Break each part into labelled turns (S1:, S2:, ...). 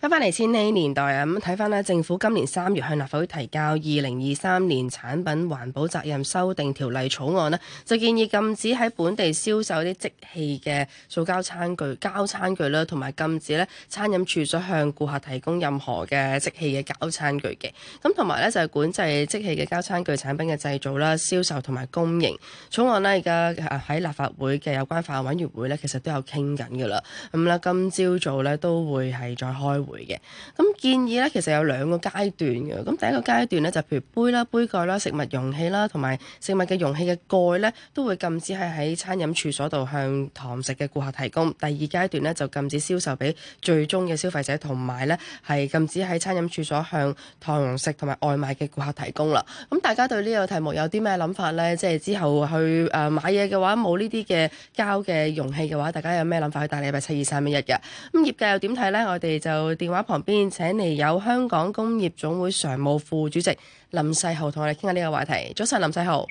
S1: 翻翻嚟千禧年代啊！咁睇翻咧，政府今年三月向立法會提交《二零二三年產品環保責任修訂條例草案》咧，就建議禁止喺本地銷售啲即棄嘅塑膠餐具、膠餐具啦，同埋禁止咧餐飲處所向顧客提供任何嘅即棄嘅膠餐具嘅。咁同埋咧就係管制即棄嘅膠餐具產品嘅製造啦、銷售同埋供應。草案咧而家喺立法會嘅有關法案委員會咧，其實都有傾緊噶啦。咁啦，今朝早咧都會係再開會。嘅咁建議咧，其實有兩個階段嘅。咁第一個階段咧，就譬如杯啦、杯蓋啦、食物容器啦，同埋食物嘅容器嘅蓋咧，都會禁止係喺餐飲處所度向堂食嘅顧客提供。第二階段咧，就禁止銷售俾最終嘅消費者，同埋咧係禁止喺餐飲處所向堂食同埋外賣嘅顧客提供啦。咁、嗯、大家對呢個題目有啲咩諗法咧？即係之後去誒買嘢嘅話，冇呢啲嘅膠嘅容器嘅話，大家有咩諗法？去大禮拜七、二、三、一日嘅咁業界又點睇咧？我哋就。電話旁邊，請嚟有香港工業總會常務副主席林世豪，同我哋傾下呢個話題。早晨，林世豪。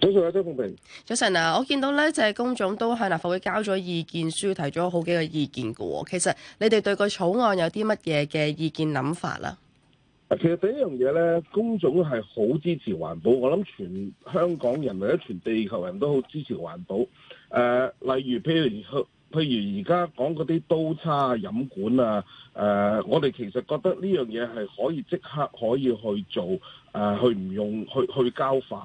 S1: 早晨啊，張鳳平。早晨啊，我見到咧，只工總都向立法會交咗意見書，提咗好幾個意見嘅。其實你哋對個草案有啲乜嘢嘅意見諗法啦？
S2: 啊，其實第一樣嘢咧，工總係好支持環保。我諗全香港人或者全地球人都好支持環保。誒，例如譬如。譬如而家講嗰啲刀叉飲管啊，誒、呃，我哋其實覺得呢樣嘢係可以即刻可以去做，誒、呃，去唔用去去交飯，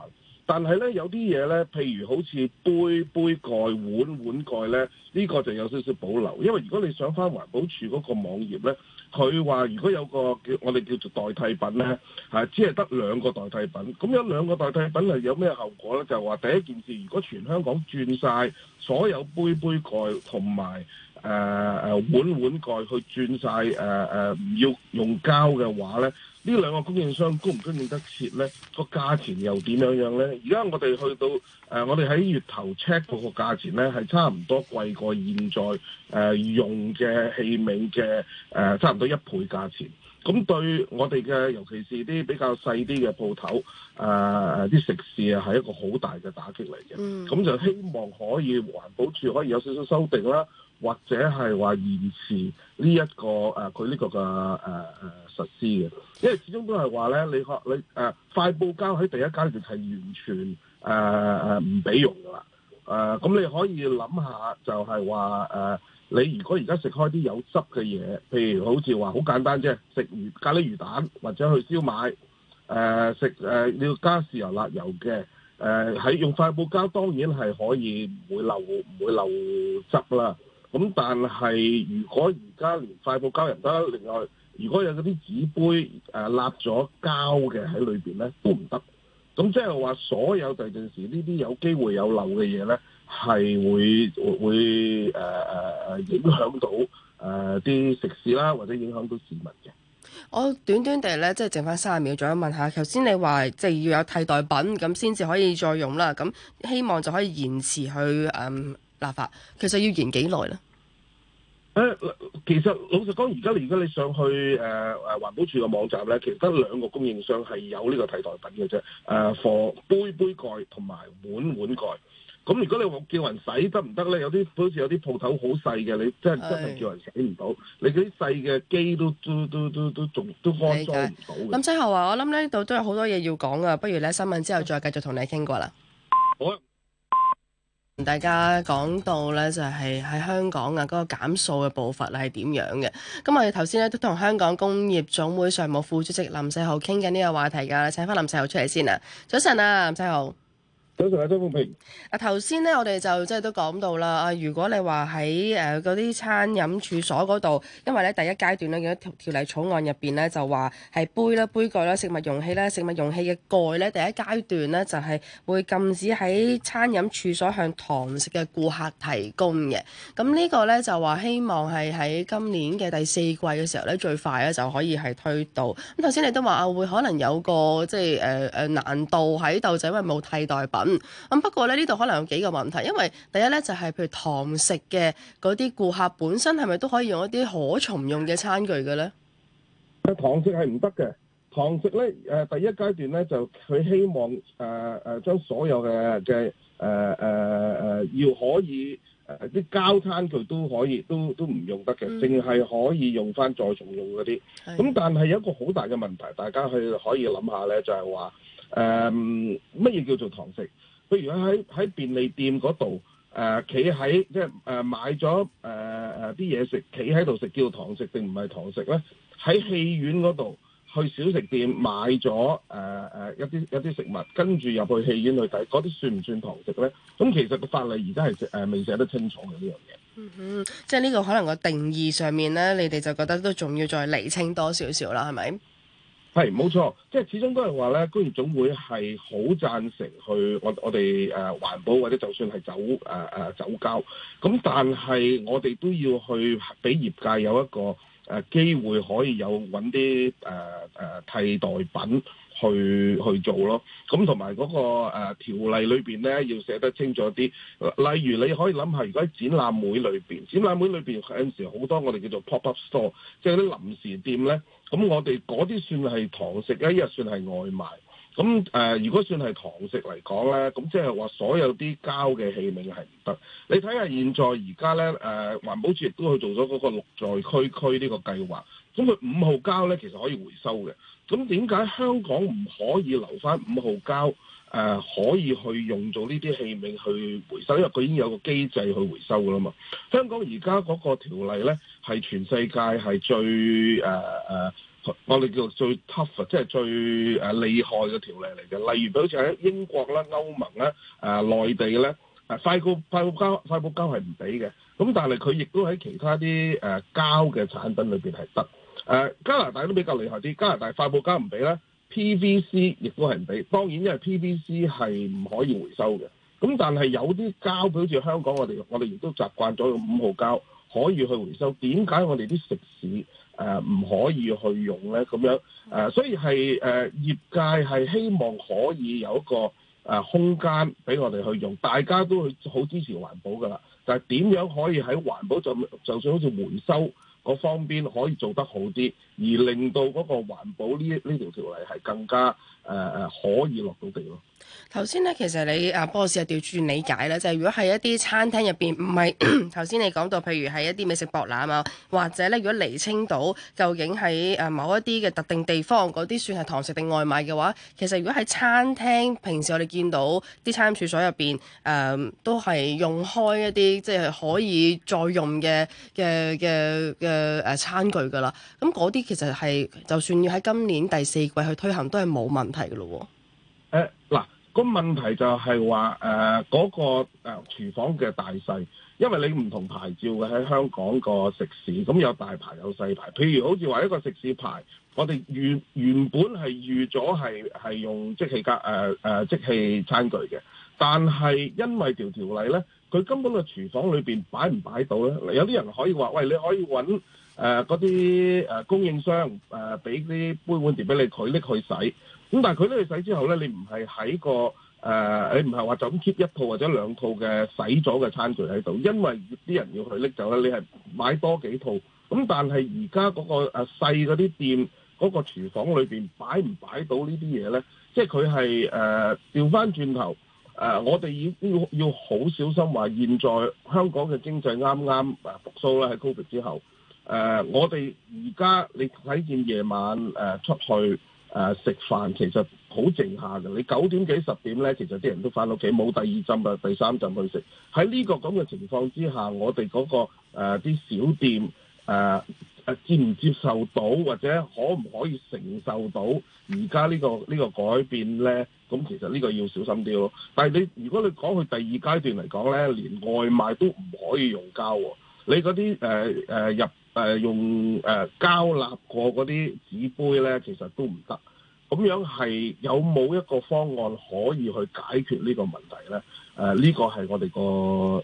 S2: 但係呢，有啲嘢呢，譬如好似杯杯蓋、碗碗蓋呢，呢、這個就有少少保留，因為如果你想翻環保署嗰個網頁呢。佢話：如果有個叫我哋叫做代替品咧，嚇、啊，只係得兩個代替品。咁有兩個代替品係有咩後果咧？就係、是、話第一件事，如果全香港轉晒所有杯杯蓋同埋誒誒碗碗蓋去轉晒，誒誒唔要用膠嘅話咧。呢兩個供應商供唔供應得切咧？個價錢又點樣樣咧？而家我哋去到誒、呃，我哋喺月頭 check 嗰個價錢咧，係差唔多貴過現在誒、呃、用嘅器皿嘅誒，差唔多一倍價錢。咁對我哋嘅，尤其是啲比較細啲嘅鋪頭，誒、呃、啲食肆啊，係一個好大嘅打擊嚟嘅。咁、嗯、就希望可以環保署可以有少少修訂啦。或者係話延遲呢、這、一個誒，佢、呃、呢個嘅誒誒實施嘅，因為始終都係話咧，你可你誒、呃、快報膠喺第一階段係完全誒誒唔俾用㗎啦。誒、呃、咁你可以諗下，就係話誒，你如果而家食開啲有汁嘅嘢，譬如好似話好簡單啫，食魚咖喱魚蛋或者去燒賣，誒食誒你要加豉油辣油嘅，誒、呃、喺用快報膠當然係可以唔會漏唔會漏汁啦。咁但係如果而家連快布膠唔得，另外如果有嗰啲紙杯誒立咗膠嘅喺裏邊咧，都唔得。咁即係話所有第陣時呢啲有機會有漏嘅嘢咧，係會會誒誒誒影響到誒啲、呃、食肆啦，或者影響到市民嘅。
S1: 我短短地咧，即係剩翻三十秒左右一，再問下頭先你話即係要有替代品咁先至可以再用啦。咁希望就可以延遲去嗯，立法其實要延幾耐咧？
S2: 誒，其實老實講，而家而家你上去誒誒、呃、環保署嘅網站咧，其實得兩個供應商係有呢個替代品嘅啫。誒、呃，貨杯杯蓋同埋碗碗蓋。咁如果你話叫人洗得唔得咧？有啲好似有啲鋪頭好細嘅，你真係真係叫人洗唔到。唉你嗰啲細嘅機都都都都都仲都安裝唔到。
S1: 林世豪啊，我諗呢度都有好多嘢要講啊！不如咧，新聞之後再繼續同你傾過啦。同大家講到咧，就係喺香港啊，嗰個減數嘅步伐係點樣嘅。咁我哋頭先咧都同香港工業總會常務副主席林世豪傾緊呢個話題㗎，請返林世豪出嚟先啊。早晨啊，林世豪。早上係張啊，頭先咧，我哋就即係都講到啦。啊，如果你話喺誒嗰啲餐飲處所嗰度，因為咧第一階段咧嘅條條例草案入邊咧就話係杯啦、杯蓋啦、食物容器啦、食物容器嘅蓋咧，第一階段咧就係、是、會禁止喺餐飲處所向堂食嘅顧客提供嘅。咁呢個咧就話希望係喺今年嘅第四季嘅時候咧最快咧就可以係推到。咁頭先你都話啊，會可能有個即係誒誒難度喺度，就因為冇替代品。嗯，咁不過咧，呢度可能有幾個問題，因為第一咧就係、是、譬如堂食嘅嗰啲顧客本身係咪都可以用一啲可重用嘅餐具嘅咧？
S2: 啊，堂食係唔得嘅，堂食咧誒，第一階段咧就佢希望誒誒將所有嘅嘅誒誒誒要可以誒啲膠餐具都可以都都唔用得嘅，淨係、嗯、可以用返再重用嗰啲。咁的但係有一個好大嘅問題，大家去可以諗下咧，就係、是、話。誒乜嘢叫做堂食？譬如喺喺喺便利店嗰度誒，企、呃、喺即係誒買咗誒誒啲嘢食，企喺度食叫堂食定唔係堂食咧？喺戲院嗰度去小食店買咗誒誒一啲一啲食物，跟住入去戲院去睇，嗰啲算唔算堂食咧？咁其實個法例而家係誒未寫得清楚嘅呢樣
S1: 嘢。嗯哼，即係呢個可能個定義上面咧，你哋就覺得都仲要再釐清多少少啦，係咪？
S2: 係，冇錯，即係始終都係話咧，工業總會係好贊成去我我哋誒、呃、環保或者就算係走誒誒、呃、走膠，咁但係我哋都要去俾業界有一個誒、呃、機會可以有揾啲誒誒替代品去去做咯。咁同埋嗰個誒、呃、條例裏邊咧要寫得清楚啲，例如你可以諗下，如果喺展覽會裏邊，展覽會裏邊有陣時好多我哋叫做 pop up store，即係啲臨時店咧。咁我哋嗰啲算係堂食咧，一日算係外賣。咁誒、呃，如果算係堂食嚟講咧，咁即係話所有啲膠嘅器皿係唔得。你睇下現在而家咧，誒、呃、環保署亦都去做咗嗰個綠在區區呢個計劃。咁佢五號膠咧其實可以回收嘅。咁點解香港唔可以留返五號膠？誒、呃、可以去用做呢啲器皿去回收，因為佢已經有個機制去回收噶啦嘛。香港而家嗰個條例咧，係全世界係最誒誒、呃呃，我哋叫做最 tough，即係最誒、呃、厲害嘅條例嚟嘅。例如，好似喺英國啦、歐盟啦、誒、呃、內地咧，誒快報快報膠快報膠係唔俾嘅。咁但係佢亦都喺其他啲誒膠嘅產品裏邊係得。誒、呃、加拿大都比較厲害啲，加拿大快報膠唔俾啦。PVC 亦都係唔俾，當然因為 PVC 係唔可以回收嘅。咁但係有啲膠，好似香港我哋我哋亦都習慣咗用五號膠，可以去回收。點解我哋啲食肆誒唔可以去用咧？咁樣誒，所以係誒業界係希望可以有一個誒空間俾我哋去用，大家都去好支持環保㗎啦。但係點樣可以喺環保就就算好似回收嗰方面可以做得好啲？而令到嗰個環保呢呢條條例係更加誒誒、呃、可以落
S1: 到地咯。頭先咧，其實你阿波士有調轉理解咧，就係、是、如果係一啲餐廳入邊唔係頭先你講到，譬如係一啲美食博覽啊，或者咧如果嚟青島，究竟喺誒某一啲嘅特定地方嗰啲算係堂食定外賣嘅話，其實如果喺餐廳平時我哋見到啲餐飲處所入邊誒都係用開一啲即係可以再用嘅嘅嘅嘅誒餐具㗎啦，咁嗰啲。其實係，就算要喺今年第四季去推行，都係冇問題嘅
S2: 咯。誒嗱、呃，個問題就係話誒嗰個誒、呃、廚房嘅大細，因為你唔同牌照嘅喺香港個食肆，咁有大牌有細牌。譬如好似話一個食肆牌，我哋原原本係預咗係係用即棄格誒誒即棄餐具嘅，但係因為條條例咧，佢根本個廚房裏邊擺唔擺到咧。有啲人可以話：喂，你可以揾。誒嗰啲誒供應商誒俾啲杯碗碟俾你，佢拎去洗，咁但係佢拎去洗之後咧，你唔係喺個、呃、你唔係話就咁 keep 一套或者兩套嘅洗咗嘅餐具喺度，因為啲人要去拎走咧，你係買多幾套。咁但係而家嗰個誒細嗰啲店嗰個廚房裏邊擺唔擺到呢啲嘢咧？即係佢係誒調翻轉頭誒，我哋要要要好小心話，現在香港嘅經濟啱啱復甦喇，喺 Covid 之後。誒、呃，我哋而家你睇見夜晚誒、呃、出去誒食、呃、飯，其實好靜下嘅。你九點幾十點咧，其實啲人都返到屋企，冇第二陣啊第三陣去食。喺呢個咁嘅情況之下，我哋嗰、那個啲、呃、小店誒誒、呃、接唔接受到，或者可唔可以承受到而家呢個呢、這個改變咧？咁其實呢個要小心啲咯。但係你如果你講去第二階段嚟講咧，連外賣都唔可以用膠喎、哦。你嗰啲誒誒入誒、呃，用誒、呃、交納過嗰啲紙杯咧，其實都唔得。咁樣係有冇一個方案可以去解決呢個問題咧？誒、呃，呢個係我哋個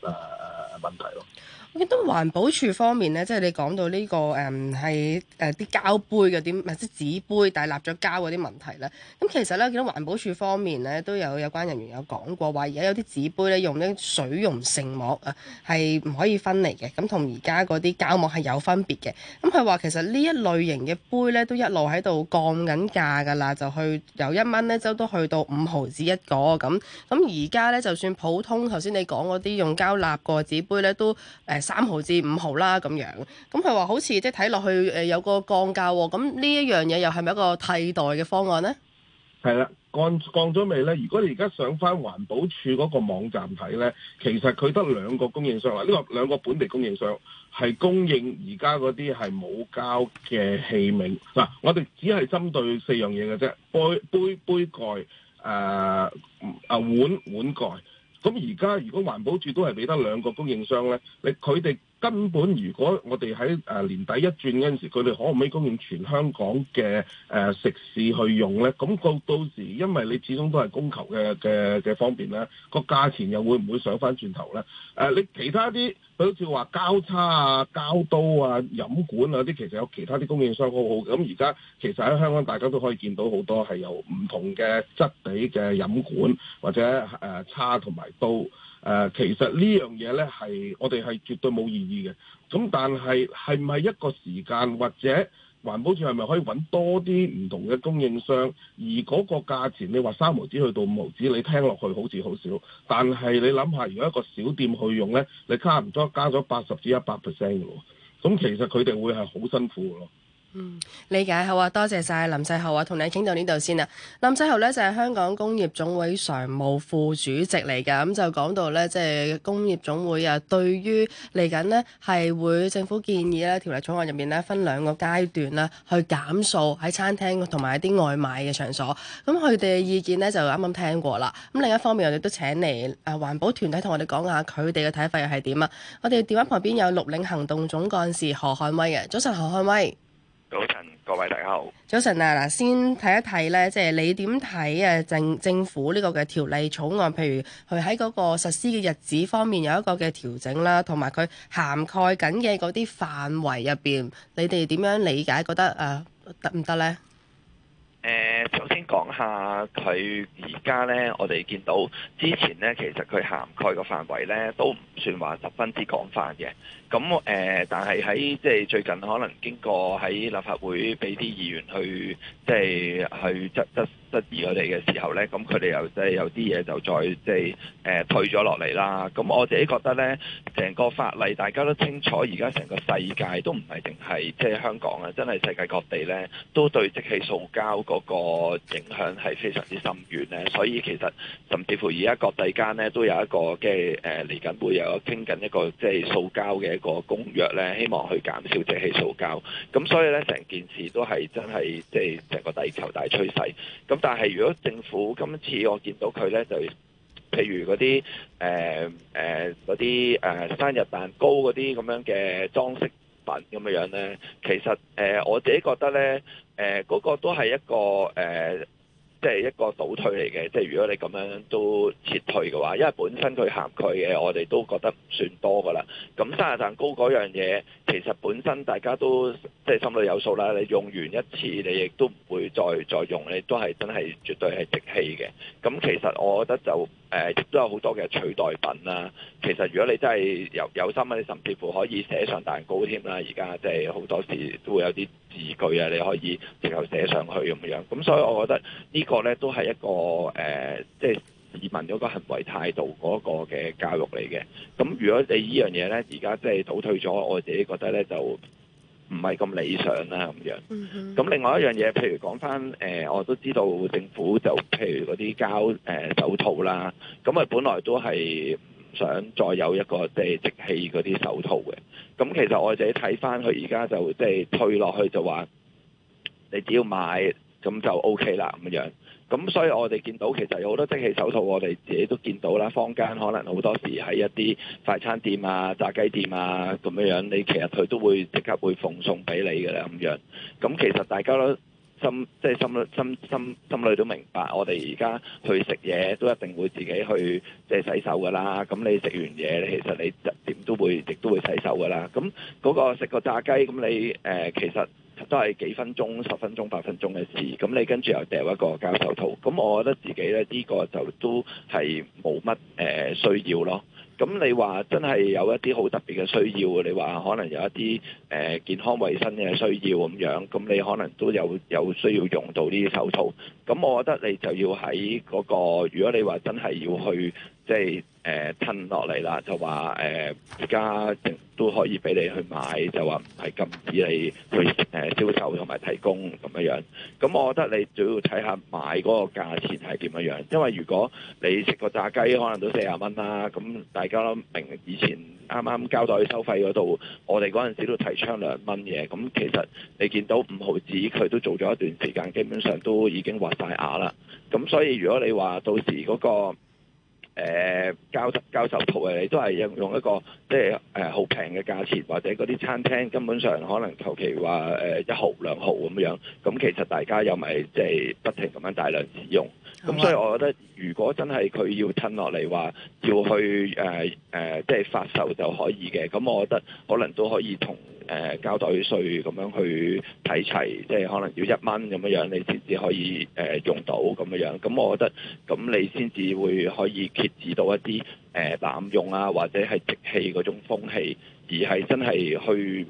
S2: 誒。呃
S1: 問題咯，我見到環保署方面咧，即係你講到呢個誒，係誒啲膠杯嗰啲，唔係即紙杯，但係立咗膠嗰啲問題咧。咁其實咧，見到環保署方面咧都有有關人員有講過，話而家有啲紙杯咧用啲水溶性膜啊，係唔可以分離嘅。咁同而家嗰啲膠膜係有分別嘅。咁佢話其實呢一類型嘅杯咧都一路喺度降緊價㗎啦，就去由一蚊咧，都都去到五毫子一個咁。咁而家咧就算普通，頭先你講嗰啲用膠立個紙佢咧都誒三毫至五毫啦咁樣，咁佢話好似即係睇落去誒有個降價喎，咁呢一樣嘢又係咪一個替代嘅方案呢？
S2: 係啦，降降咗未呢？如果你而家上返環保署嗰個網站睇呢，其實佢得兩個供應商啦，呢個兩個本地供應商係供應而家嗰啲係冇膠嘅器皿嗱，我哋只係針對四樣嘢嘅啫，杯杯杯蓋誒誒碗碗蓋。咁而家如果環保署都係俾得兩個供應商咧，你佢哋？根本如果我哋喺誒年底一轉嗰陣時，佢哋可唔可以供應全香港嘅誒食肆去用呢？咁到到時，因為你始終都係供求嘅嘅方便咧，個價錢又會唔會上返轉頭呢？誒、啊，你其他啲，好似話膠叉啊、膠刀啊、飲管啊啲，其實有其他啲供應商好好。咁而家其實喺香港，大家都可以見到好多係有唔同嘅質地嘅飲管或者誒、啊、叉同埋刀。誒、呃，其實呢樣嘢呢，係，我哋係絕對冇異議嘅。咁但係係唔係一個時間或者環保署係咪可以揾多啲唔同嘅供應商？而嗰個價錢，你話三毫紙去到五毫紙，你聽落去好似好少。但係你諗下，如果一個小店去用呢，你差唔多加咗八十至一百 percent 嘅喎。咁、嗯、其實佢哋會係好辛苦嘅咯。
S1: 嗯，理解好啊，多謝晒林世豪啊，同你傾到呢度先啊。林世豪咧就係香港工業總會常務副主席嚟噶，咁就講到咧，即係工業總會啊，對於嚟緊呢，係會政府建議咧條例草案入面咧分兩個階段啦，去減數喺餐廳同埋一啲外賣嘅場所。咁佢哋嘅意見咧就啱啱聽過啦。咁另一方面，我哋都請嚟誒環保團體同我哋講下佢哋嘅睇法又係點啊。我哋電話旁邊有綠領行動總幹事何漢威嘅，早晨何漢威。早晨，各位大家好。早晨啊，嗱，先睇一睇咧，即係你點睇誒政政府呢個嘅條例草案，譬如佢喺嗰個實施嘅日子方面有一個嘅調整啦，同埋佢涵蓋緊嘅嗰啲範圍入邊，你哋點樣理解？覺得誒得唔得咧？呃行
S3: 誒、呃，首先講下佢而家咧，我哋見到之前咧，其實佢涵蓋個範圍咧，都唔算話十分之廣泛嘅。咁誒、呃，但係喺即係最近，可能經過喺立法會俾啲議員去，即係去質質。質疑佢哋嘅時候咧，咁佢哋又即係有啲嘢就再即係誒退咗落嚟啦。咁我自己覺得咧，成個法例大家都清楚，而家成個世界都唔係淨係即係香港啊，真係世界各地咧都對即棄塑膠嗰個影響係非常之深遠咧。所以其實甚至乎而家國際間咧都有一個嘅誒嚟緊會有傾緊一個即係塑膠嘅一個公約咧，希望去減少即棄塑膠。咁所以咧成件事都係真係即係成個地球大趨勢咁。但係，如果政府今次我見到佢咧，就譬如嗰啲誒誒嗰啲誒生日蛋糕嗰啲咁樣嘅裝飾品咁樣樣咧，其實誒、呃、我自己覺得咧，誒、呃、嗰、嗰個都係一個誒。呃即係一個倒退嚟嘅，即係如果你咁樣都撤退嘅話，因為本身佢鹹佢嘅，我哋都覺得唔算多噶啦。咁生日蛋糕嗰樣嘢，其實本身大家都即係心裏有數啦。你用完一次，你亦都唔會再再用，你都係真係絕對係即棄嘅。咁其實我覺得就。誒，亦都有好多嘅取代品啦。其實如果你真係有有心，你甚至乎可以寫上蛋糕添啦。而家即係好多時都會有啲字句啊，你可以直接寫上去咁樣。咁所以我覺得呢個呢都係一個誒，即、呃、係、就是、市民嗰個行為態度嗰個嘅教育嚟嘅。咁如果你依樣嘢呢，而家即係倒退咗，我自己覺得呢就。唔係咁理想啦，咁樣、嗯。咁 另外一樣嘢，譬如講翻，誒、呃，我都知道政府就譬如嗰啲膠誒、呃、手套啦，咁啊本來都係唔想再有一個即棄嗰啲手套嘅。咁其實我自己睇翻佢而家就即係退落去就話，你只要買咁就 O、OK、K 啦，咁樣。咁、嗯、所以我哋見到其實有好多即棄手套，我哋自己都見到啦。坊間可能好多時喺一啲快餐店啊、炸雞店啊咁樣樣，你其實佢都會即刻會奉送俾你嘅啦。咁樣，咁、嗯、其實大家都心即係心心心心裏都明白，我哋而家去食嘢都一定會自己去即係洗手嘅啦。咁你食完嘢，你其實你點都會亦都會洗手嘅啦。咁、嗯、嗰、那個食個炸雞，咁、嗯、你誒、呃、其實。都係幾分鐘、十分鐘、八分鐘嘅事，咁你跟住又掉一個膠手套，咁我覺得自己咧呢、呢個就都係冇乜誒需要咯。咁你話真係有一啲好特別嘅需要，你話可能有一啲誒、呃、健康衞生嘅需要咁樣，咁你可能都有有需要用到呢啲手套。咁我覺得你就要喺嗰、嗰個，如果你話真係要去。即係誒、呃、吞落嚟啦，就話誒而家都可以俾你去買，就話唔係禁止你去誒銷售同埋提供咁樣樣。咁我覺得你主要睇下買嗰個價錢係點樣，因為如果你食個炸雞可能都四廿蚊啦，咁大家都明以前啱啱膠袋收費嗰度，我哋嗰陣時都提倡兩蚊嘢。咁其實你見到五毫子佢都做咗一段時間，基本上都已經滑晒牙啦。咁所以如果你話到時嗰、嗰個，呃、交交售圖你都係用一個即係誒好平嘅價錢，或者嗰啲餐廳根本上可能求其話誒一毫兩毫咁樣，咁、嗯、其實大家又咪即係不停咁樣大量使用，咁吧、嗯、所以我覺得如果真係佢要趁落嚟話要去誒誒、呃呃、即係發售就可以嘅，咁、嗯、我覺得可能都可以同。誒、呃、膠袋稅咁樣去睇齊，即係可能要一蚊咁樣、呃、樣，你先至可以誒用到咁樣樣。咁我覺得咁你先至會可以遏制到一啲誒、呃、濫用啊，或者係濫氣嗰種風氣，而係真係去。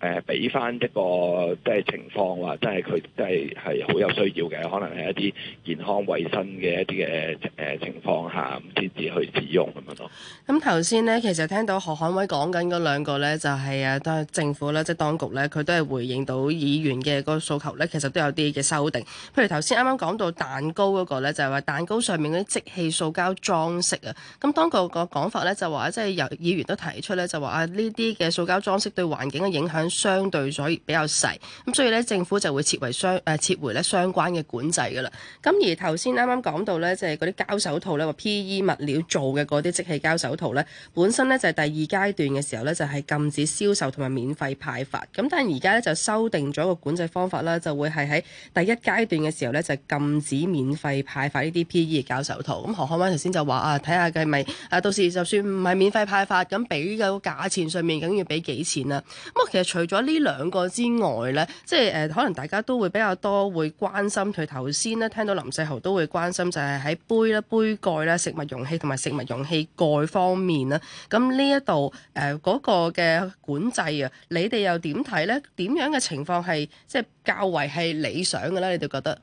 S3: 誒俾翻一個即係情況話，即係佢真係係好有需要嘅，可能係一啲健康衞生嘅一啲嘅誒情況下，唔知至去使用咁樣咯。
S1: 咁頭先呢，其實聽到何漢威講緊嗰兩個咧，就係啊，當政府咧，即係當局呢，佢都係回應到議員嘅嗰個訴求呢，其實都有啲嘅修訂。譬如頭先啱啱講到蛋糕嗰個咧，就係話蛋糕上面嗰啲即棄塑膠裝飾嘅。咁當局個講法呢，就話即係由議員都提出呢，就話啊呢啲嘅塑膠裝飾對環境嘅影響。相對所以比較細，咁所以咧政府就會設為相誒設回咧相關嘅管制噶啦。咁而頭先啱啱講到咧就係嗰啲膠手套咧，話 P.E. 物料做嘅嗰啲即係膠手套咧，本身咧就係第二階段嘅時候咧，就係禁止銷售同埋免費派發。咁但係而家咧就修訂咗個管制方法啦，就會係喺第一階段嘅時候咧，就禁止免費派發呢啲 P.E. 膠手套。咁何漢威頭先就話啊，睇下佢係咪啊，到時就算唔係免費派發，咁俾個價錢上面，咁要俾幾錢啊？咁啊，其實除咗呢兩個之外咧，即係誒，可能大家都會比較多會關心，佢頭先咧聽到林世豪都會關心，就係喺杯啦、杯蓋啦、食物容器同埋食物容器蓋方面啦。咁呢一度誒嗰個嘅管制啊，你哋又點睇咧？點樣嘅情況係即係較為係理想嘅咧？你哋覺得？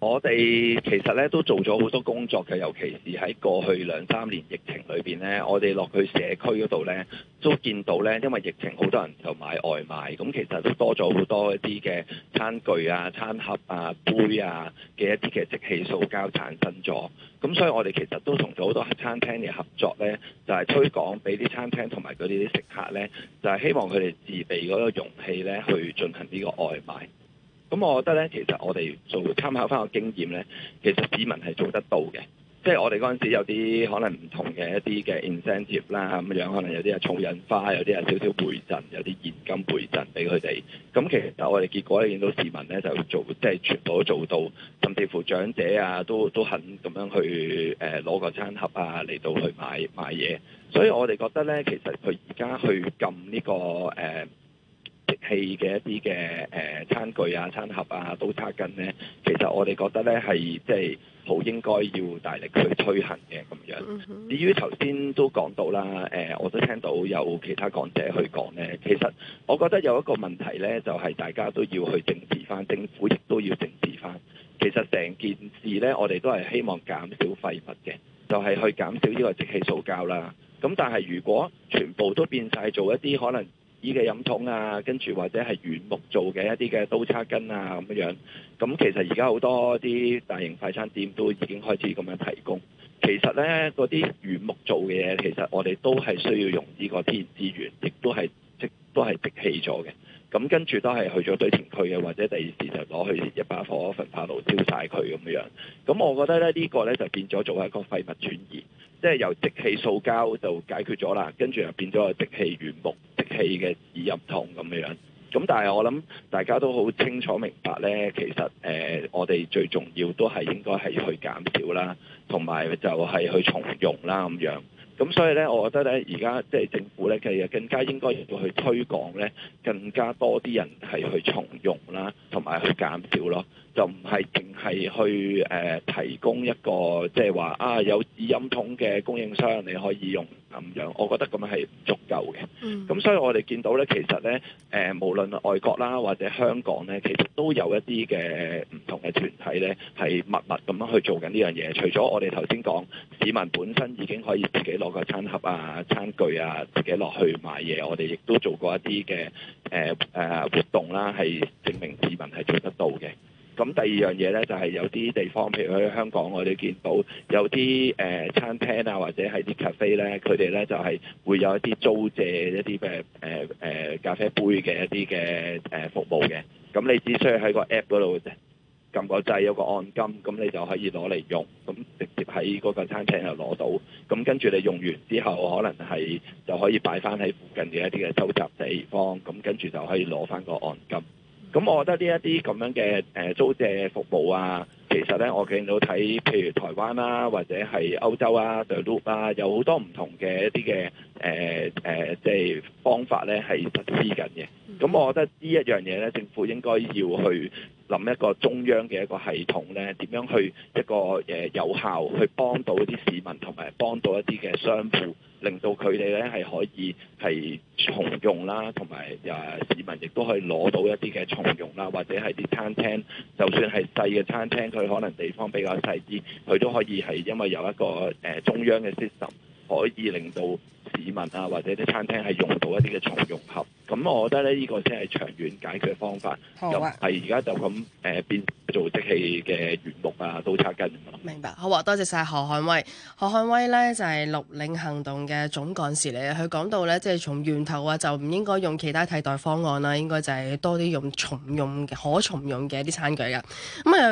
S3: 我哋其實咧都做咗好多工作嘅，尤其是喺過去兩三年疫情裏邊咧，我哋落去社區嗰度咧，都見到咧，因為疫情好多人就買外賣，咁、嗯、其實都多咗好多一啲嘅餐具啊、餐盒啊、杯啊嘅一啲嘅即棄塑膠產生咗，咁、嗯、所以我哋其實都同咗好多餐廳嘅合作咧，就係推廣俾啲餐廳同埋佢哋啲食客咧，就係、是、希望佢哋自備嗰個容器咧，去進行呢個外賣。咁、嗯、我覺得咧，其實我哋做參考翻個經驗咧，其實市民係做得到嘅。即係我哋嗰陣時有啲可能唔同嘅一啲嘅 incentive 啦，咁樣可能有啲係重印花，有啲係少少回贈，有啲現金回贈俾佢哋。咁、嗯、其實我哋結果咧見到市民咧就做，即係全部都做到，甚至乎長者啊都都肯咁樣去誒攞、呃、個餐盒啊嚟到去買買嘢。所以我哋覺得咧，其實佢而家去禁呢、呢個誒、呃即棄嘅一啲嘅誒餐具啊、餐盒啊、刀叉跟咧，其實我哋覺得咧係即係好應該要大力去推行嘅咁樣。至於頭先都講到啦，誒、呃、我都聽到有其他講者去講咧，其實我覺得有一個問題咧，就係、是、大家都要去政治翻，政府亦都要政治翻。其實成件事咧，我哋都係希望減少廢物嘅，就係、是、去減少呢個即棄塑膠啦。咁但係如果全部都變晒做一啲可能，依嘅飲筒啊，跟住或者係軟木做嘅一啲嘅刀叉羹啊咁樣，咁、嗯、其實而家好多啲大型快餐店都已經開始咁樣提供。其實咧嗰啲軟木做嘅嘢，其實我哋都係需要用呢個天然資源，亦都係即都係即棄咗嘅。咁、嗯、跟住都係去咗堆填區嘅，或者第二時就攞去一把火焚化爐燒晒佢咁樣。咁、嗯、我覺得咧呢、呢個咧就變咗做一個廢物轉移，即係由即棄塑膠就解決咗啦，跟住又變咗個即棄軟木。器嘅耳音筒咁嘅樣，咁但係我諗大家都好清楚明白咧，其實誒我哋最重要都係應該係去減少啦，同埋就係去重用啦咁樣，咁所以咧，我覺得咧而家即係政府咧，其實更加應該要去推廣咧，更加多啲人係去重用啦，同埋去減少咯，就唔係淨係去誒提供一個即係話啊有耳音筒嘅供應商你可以用。咁樣，嗯、我覺得咁樣係唔足夠嘅。咁所以，我哋見到咧，其實咧，誒、呃，無論外國啦，或者香港咧，其實都有一啲嘅唔同嘅團體咧，係密密咁樣去做緊呢樣嘢。除咗我哋頭先講，市民本身已經可以自己攞個餐盒啊、餐具啊，自己落去買嘢。我哋亦都做過一啲嘅誒誒活動啦，係證明市民係做得到嘅。咁第二樣嘢咧，就係有啲地方，譬如喺香港，我哋見到有啲誒餐廳啊，或者係啲 cafe 咧，佢哋咧就係會有一啲租借一啲嘅誒誒咖啡杯嘅一啲嘅誒服務嘅。咁你只需要喺個 app 嗰度撳個掣，有個按金，咁你就可以攞嚟用。咁直接喺嗰個餐廳度攞到。咁跟住你用完之後，可能係就可以擺翻喺附近嘅一啲嘅收集地方。咁跟住就可以攞翻個按金。咁我覺得呢一啲咁樣嘅誒租借服務啊，其實咧我見到睇，譬如台灣啦、啊，或者係歐洲啊、The Loop 啊，有好多唔同嘅一啲嘅誒誒，即、呃、係、呃、方法咧係實施緊嘅。咁我覺得呢一樣嘢咧，政府應該要去諗一個中央嘅一個系統咧，點樣去一個誒有效去幫到啲市民同埋幫到一啲嘅商戶，令到佢哋咧係可以係重用啦，同埋誒市民亦都可以攞到一啲嘅重用啦，或者係啲餐廳，就算係細嘅餐廳，佢可能地方比較細啲，佢都可以係因為有一個誒中央嘅 system 可以令到。市民啊，或者啲餐廳係用到一啲嘅重用盒咁、嗯、我覺得呢依個先係長遠解決方法。好啊，係而家就咁誒、呃、變做即棄嘅原木啊、刀叉根、啊、
S1: 明白，好啊，多謝晒何漢威。何漢威呢就係綠領行動嘅總幹事嚟嘅，佢講到呢，即、就、係、是、從源頭啊，就唔應該用其他替代方案啦，應該就係多啲用重用可重用嘅一啲餐具嘅。咁、嗯、啊。